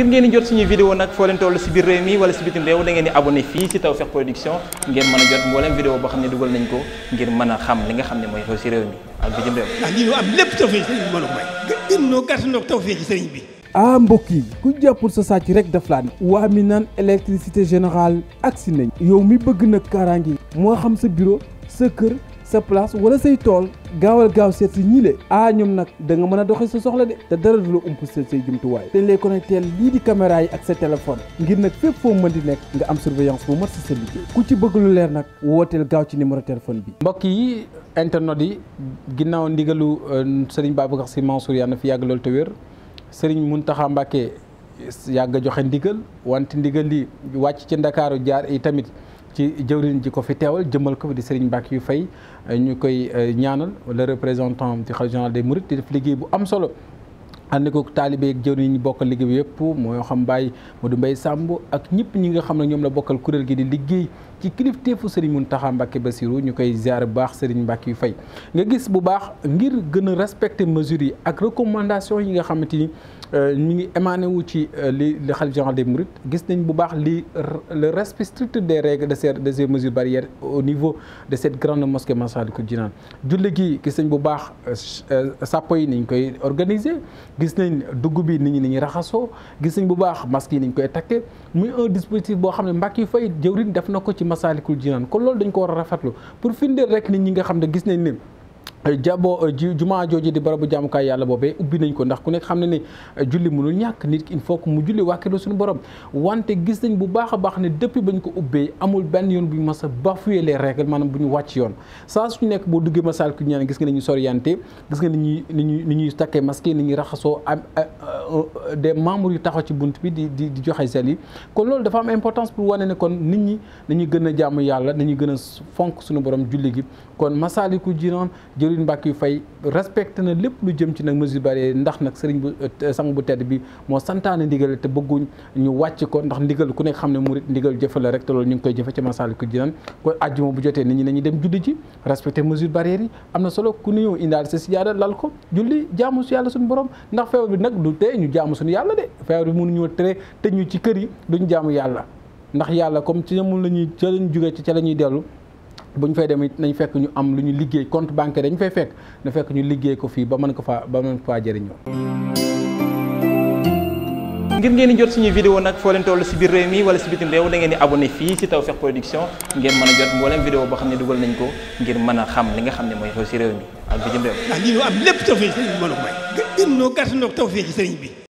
ngir ngeen di jot suñu vidéo nag foo leen toll si biir réew mi wala si bitim réew da ngeen di abonné fii si Tawfekh Production ngeen mën a jot mboolem vidéo boo xam ne dugal nañ ko ngir mën a xam li nga xam ne mooy xew si réew mi ak bitim réew. ndax ah, lii bi mën a may. ah mbokk yi ku jàppul sa sàcc rek daf laa ne. waa mi naan électricité générale si nañ. yow mi bëgg nag kaaraange yi. moo xam sa bureau sa kër sa place wala say tool gaawal gaaw seet si ñii le ah ñoom nag da nga mën a dox si soxla de te dara du la ump sa say jumtuwaay dañ lay connecté lii di caméra yi ak sa téléphone ngir nag fépp foo mën di nekk nga am surveillance bu mat si sa liggéey ku ci bëgg lu leer nag wooteel gaaw ci numéro téléphone bi mbokk yi internet yi ginnaaw ndigalu euh, Serigne Babacar Sy Mansour yàlla na fi yàgg loolu te wér Serigne Mountakha Mbacké yàgg joxe ndigal wante ndigal li wàcc ci Ndakaaru jaar yi tamit ci jëwriñ ji ko fi teewal jëmal ko fi di Serigne Mbacke yu fay ñu koy euh, ñaanal le représentant du khalife général des mourides def liggéey bu am solo ànd ko taalibe ak jëwriñ ñi bokkal liggéey bi yëpp moo xam Baye du mbay Samb ak ñëpp ñi nga xam ne ñoom la bokkal kuréel gi di liggéey ci kilifteefu Serigne Mountakha Mbacké Bassirou ñu koy ziar bu baax Serigne Mbacké yu fay nga gis bu baax ngir gën a respecter mesures yi ak recommandations yi nga xamante ni ñu euh, ngi émané wu ci euh, li le khalife général des mourides gis nañ bu baax li le respect strict des règles de ces de ces mesures barrières au niveau de cette grande mosquée Massalikul Jinaan julli gi gis nañ bu baax euh, sàppo yi niñ koy organiser gis nañ dugg bi nit ñi ni ñuy raxasoo gis nañ bu baax masques yi niñ koy takkee muy boo xam ne Mbacké yu fay jëwriñ ko Massalikul Jinaan kon lool dañ ko war rafetlu pour firndeel rek nit ñi nga xam ne gis nañ ne jabo euh, jumaa jooju di barabu jaamukaay yàlla boobee ubbi nañ ko ndax ku nekk xam ne ni euh, julli mënul ñàkk nit ki il faut que mu julli wàkkirlu suñu borom wante gis nañ bu baax a baax ne depuis bañ ko ubbee amul benn yoon bu ñu mas a bafoué les règles maanaam bu ñu wàcc yoon saa suñu nekk boo duggee masal ku ñaan gis nga ni ñuy gis nga ni ñuy ni ñuy ni ñuy takkee masque ni ñuy raxasoo am euh, de membres yu taxaw ci bunt bi di di di joxe sel yi kon loolu dafa am importance pour wane ne kon nit ñi nañuy gën a jaamu yàlla nañuy gën a fonk suñu borom julli gi kon Massalikul Jinaan mbàkk yu Fay respecté na lépp lu jëm ci nag mesure barrière ndax nag sëriñ bu eh, eh, sang bu tedd bi moo santaane ndigal te bëgguñ ñu wàcc ko ndax ndigal ku nekk xam ne murit ndigal jëfe la rek te loolu ñu ngi koy jëfe ci Massalikul Jinaan kon àjjuma bu jotee nit ñi nañu dem julli ji respecté mesure barrière yi am na solo ku ñëw indaal sa sijaada lal ko julli jaamu su yàlla suñu borom ndax feebar bi nag du tee ñu jaamu suñu yàlla de feebar bi mënuñoo tere te ñu ci kër yi duñ jaamu yàlla ndax yàlla comme ci ñamul la ñuy ca lañ ci ca la ñuy dellu bu ñu fay dem it nañ fekk ñu am lu ñu liggéey compte banque dañu fay fekk na fekk ñu liggéey ko fii ba mën ko faa ba mën ko faa jëriñoo. ngir ngeen jot suñu vidéo nag foo leen toll si biir réew mi wala si bitim réew da ngeen di abonné fii si Tawfekh Production ngeen mën a jot mboolem vidéo boo xam ne dugal nañ ko ngir mën a xam li nga xam ne mooy xew si réew mi ak bitim réew. ndax lii ñu am lépp Tawfekh sëriñ bi mën a may. gën noo gàtt sëriñ bi.